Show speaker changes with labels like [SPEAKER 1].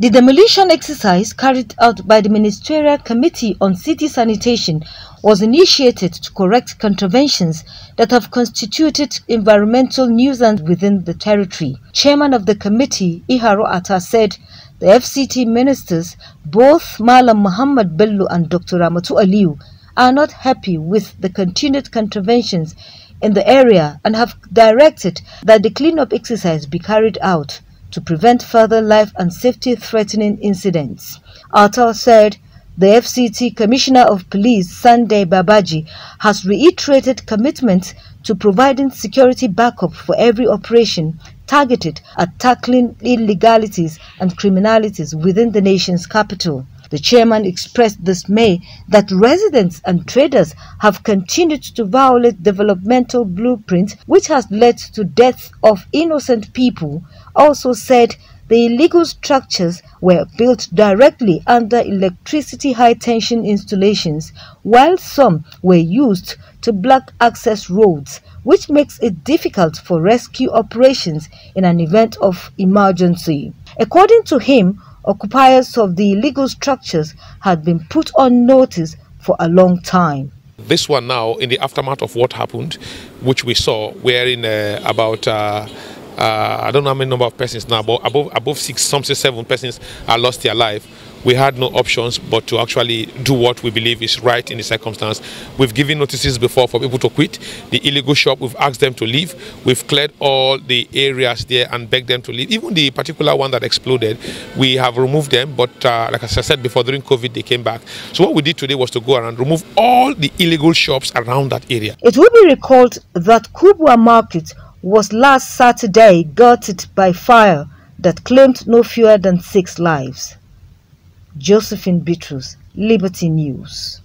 [SPEAKER 1] The demolition exercise carried out by the Ministerial Committee on City Sanitation was initiated to correct contraventions that have constituted environmental nuisance within the territory. Chairman of the committee, Iharo Atta, said the FCT ministers, both Malam Muhammad Bello and Dr. Ramatu Aliu, are not happy with the continued contraventions in the area and have directed that the cleanup exercise be carried out to prevent further life and safety threatening incidents. Atal said the FCT Commissioner of Police Sunday Babaji has reiterated commitment to providing security backup for every operation targeted at tackling illegalities and criminalities within the nation's capital. The chairman expressed dismay that residents and traders have continued to violate developmental blueprints, which has led to deaths of innocent people, also said the illegal structures were built directly under electricity high-tension installations, while some were used to block access roads, which makes it difficult for rescue operations in an event of emergency. According to him, occupiers of the illegal structures had been put on notice for a long time.
[SPEAKER 2] This one now, in the aftermath of what happened, which we saw, we're in uh, about uh, uh, I don't know how many number of persons now, but above above six, some say seven persons are lost their life we had no options but to actually do what we believe is right in the circumstance. We've given notices before for people to quit the illegal shop. We've asked them to leave. We've cleared all the areas there and begged them to leave. Even the particular one that exploded, we have removed them. But uh, like I said before, during COVID, they came back. So what we did today was to go around and remove all the illegal shops around that area.
[SPEAKER 1] It will be recalled that Kubwa Market was last Saturday gutted by fire that claimed no fewer than six lives. Josephine Beatrice, Liberty News.